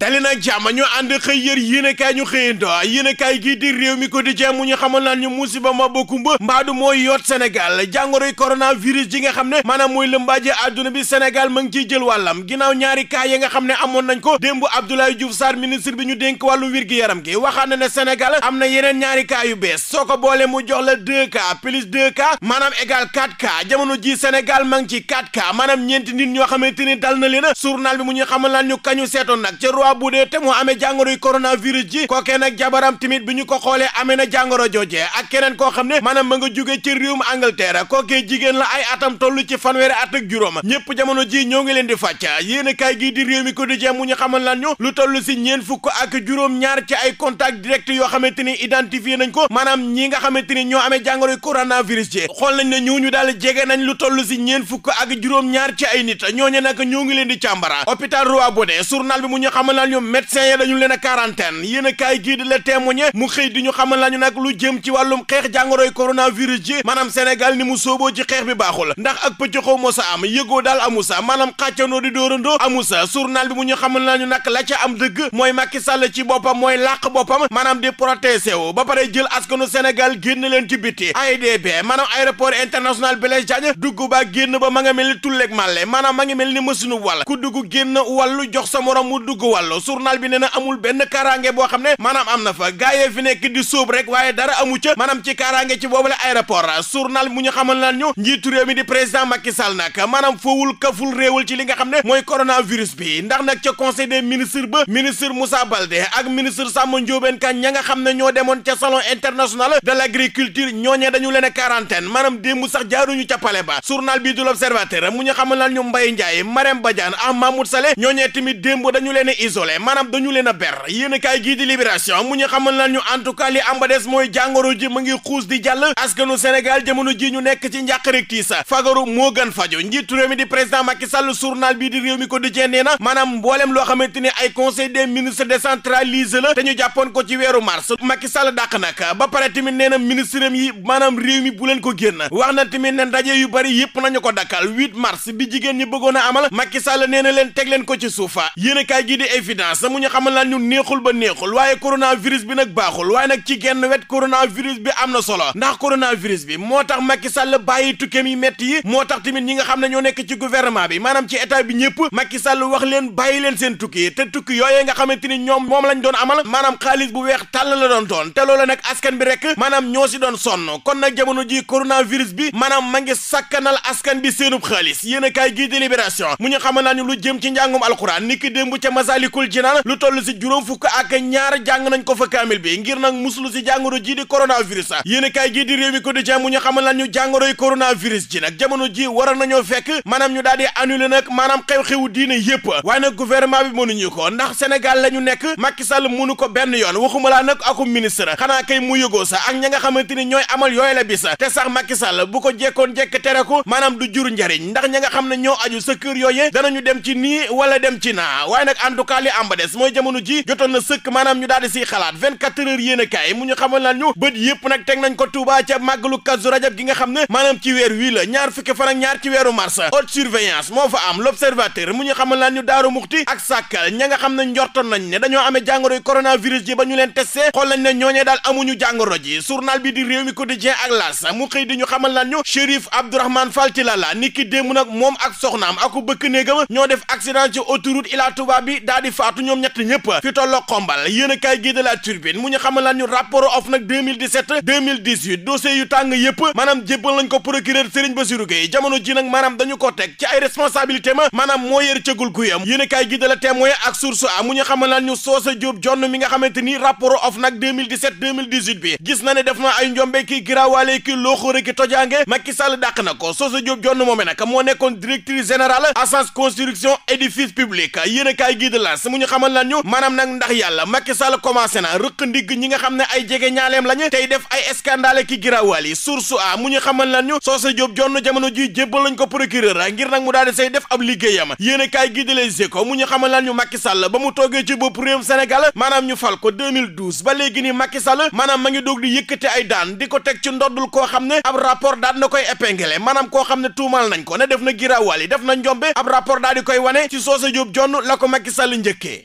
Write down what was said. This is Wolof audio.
dali nag jàmm ñu ànd xëy yër yéenekaay ñu xëyando yéenekaay gii di réew mi quotidien mu ñu xamal naan ñu musiba ma bokkumba mbaadu mooy yoot Sénégal jàngoroy coronavirus ji nga xam ne maanaam mooy lëmbaaje àdduna bi Sénégal ma ngi ciy jël wàllam ginnaaw ñaari cas yi nga xam ne amoon nañ ko démb Abdoulaye Diouf Sarr ministre bi ñu dénk wàllu wér-gi-yaram gi waxaan na ne senegal am na yeneen ñaari cas yu bees soo ko boole mu jox la deux cas plus deux cas maanaam égal quatre jamono ji Sénégal ma ngi ci quatre maanaam ñeenti nit ñoo xamante ni dal na leen journal bi mu ñu xamal naan ñu kañu seetoon nag fois bu dee te moo amee jàngoroy coronavirus ji kookee nag jabaram tamit bi ñu ko xoolee amee na jàngoro jooje ak keneen koo xam ne maanaam ma nga jógee ci réewum Angleterre kookee jigéen la ay atam toll ci fanweeri at ak juróom ñëpp jamono ji ñoo ngi leen di fàcc yéen a kaay gii di réew mi quotidien mu ñu xamal lan ñu lu toll si ñeen fukk ak juróom ñaar ci ay contact direct yoo xamante ni identifié nañ ko maanaam ñi nga xamante ni ñoo amee jàngoroy coronavirus ji xool nañ ne ñooñu daal jege nañ lu toll si ñeen fukk ak juróom ñaar ci ay nit ñooñu nag ñoo ngi leen di càmbara xamal naa ñu médecin ya dañu leen a quarantaine yéen a kaay gii di la témoigner mu xëy di ñu xamal naa nag lu jëm ci wàllum xeex jàngoroy coronavirus ji maanaam Sénégal ni mu sooboo ci xeex bi baaxul ndax ak pëccaxoo moo sa am yëgoo daal amusa maanaam xàccanoo di dóorandoo amusa journal bi mu ñu xamal naa ñu nag la ca am dëgg mooy Macky Sall ci boppam mooy làq boppam maanaam di protesté wu ba pare jël askanu Sénégal génn leen ci biti AIBD maanaam aéroport international Blaise Diagne dugg ba génn ba ma nga mel ni tulleeg màlle maanaam ma ngi mel ni mësinu wàll ku dugg génn wàllu jox sa morom mu dugg wal Diallo journal bi nee na amul benn kaaraange boo xam ne maanaam am na fa gaayee fi nekk di sóob rek waaye dara amu ca maanaam ci kaaraange ci boobale aéroport journal mu ñu xamal naan ñu njiitu réew mi di président Macky Sall nag maanaam fowul kaful ci li nga xam ne mooy coronavirus bi ndax nag ca conseil des ministres ba ministre Moussa Baldé ak ministre Samba Ndiobène Kane ña xam ne ñoo demoon ca salon international de l'agriculture ñooñe dañu leen a quarantaine maanaam démb sax jaaruñu ca palais ba journal bi du l'observateur mu ñu xamal naan ñu Mbaye Ndiaye Marème Badiane ak Mahmoud Saleh ñooñee tamit démb dañu leen isolé maanaam dañu leen a ber yéen kaay gii di libération mu ñu xamal lan ñu en tout ambades mooy jàngoro ji xuus di jàll askanu Sénégal jamono ji ñu nekk ci njàq rek tiis fagaru moo gën fajo njiitu réew mi di président Macky Sall journal bii di réew mi quotidien nee na maanaam mbooleem loo xamante ni ay conseil des ministres décentralisé la te ñu jàppoon ko ci weeru mars Macky Sall dàq nag ba pare tamit nee na ministre yi maanaam réew mi bu ko génn wax na tamit ne ndaje yëpp nañu ko dakkal 8 mars bi jigéen ñi bëggoon a amal Macky Sall nee na leen teg leen ko ci finance mu ñu xamal laan ñu ba neexul waaye coronavirus bi nag baaxul waaye nag ci genn wet coronavirus bi am na solo ndax coronavirus bi moo tax Macky Sall bàyyi tukkeem yi métti yi moo tax tamit ñi nga xam ne ñoo nekk ci gouvernement bi maanaam ci état bi ñëpp Macky Sall wax leen bàyyi leen seen tukki te tukki yooyee nga xamante ni ñoom moom lañ doon amal maanaam xaalis bu weex tàll la doon doon te loola nag askan bi rek maanaam ñoo si doon sonn a Massalikul Jinaan lu toll si juróom fukk ak ñaar jàng nañ ko fa kaamil bi ngir nag muslu si jàngoro ji di coronavirus yéen kaay gii di réew mi ko di jàng mu ñu xamal lan ñu jàngoroy coronavirus ji nag jamono ji waroon nañoo fekk maanaam ñu daal di annulé nag maanaam xew-xewu diine yépp waaye nag gouvernement bi mënuñu ko ndax Sénégal la ñu ma Macky Sall mënu ko benn yoon waxuma laa nag aku ministre xanaa kay mu yëgoo sa ak ña nga xamante ni ñooy amal yooyu la bis te sax Macky Sall bu ko jekkoon jekk tere ko maanaam du jur njariñ ndax ña nga xam ne ñoo aju sa kër yooye dem ci nii wala dem ci naa li am ba des mooy jamono ji jotoon na sëkk maanaam ñu daal di xalaat 24 a mu ñu xamal naan bët yëpp nag teg nañ ko Touba ca màggalu Kazu Rajab gi nga xam ne maanaam ci weer wii la ñaar fukki fan ñaar ci weeru mars haute surveillance moo fa am l'observateur mu ñu xamal naan daaru muxti ak sàkkal ña nga xam ne njortoon nañ ne dañoo amee jàngoroy coronavirus ji ba ñu leen testé xool nañ ne ñooñee daal amuñu jàngoro ji journal bi di réew mi quotidien di faatu ñoom ñett ñëpp fi tolloo xombal yéen a kaay gii de la turbine mu ñu xamal laan ñu rapport OFNAC 2017 2018 dossier yu tàng yëpp maanaam jébbal lañ ko procureur Serigne Bassirou Gueye jamono ji nag maanaam dañu ko teg ci ay responsabilité ma moo yër cëgul guyam yéen a kaay gii de la témoin ak mu ñu xamal ñu Soosa Jóob jonn mi nga xamante ni rapport OFNAC 2017 2018 bi gis na ne def na ay na ko Soosa nag moo nekkoon L'Évidence mu ñu xamal lan ñu maanaam nag ndax yàlla Macky Sall commencé na rëq ndigg ñi nga xam ne ay jege ñaaleem lañu tey def ay scandale ki girawaal yi su a mu ñu xamal lan ñu Socé Diop jonn jamono ji jébbal lañ ko procureur ngir nag mu daal sey def ab liggéeyam yéen a kaay gi ko Les Échos mu ñu xamal lan ñu Macky Sall ba mu toogee ci bopp réewum Sénégal maanaam ñu fal ko 2012 ba léegi ni Macky Sall maanaam ma ngi doog di yëkkati ay daan di ko teg ci ndoddul koo xam ne ab rapport daal na koy épinglé maanaam koo xam ne tuumal nañ ko ne def na girawaal yi na njombe ab rapport daal di koy wane ci Socé Diop jonn la ko Macky njëkkee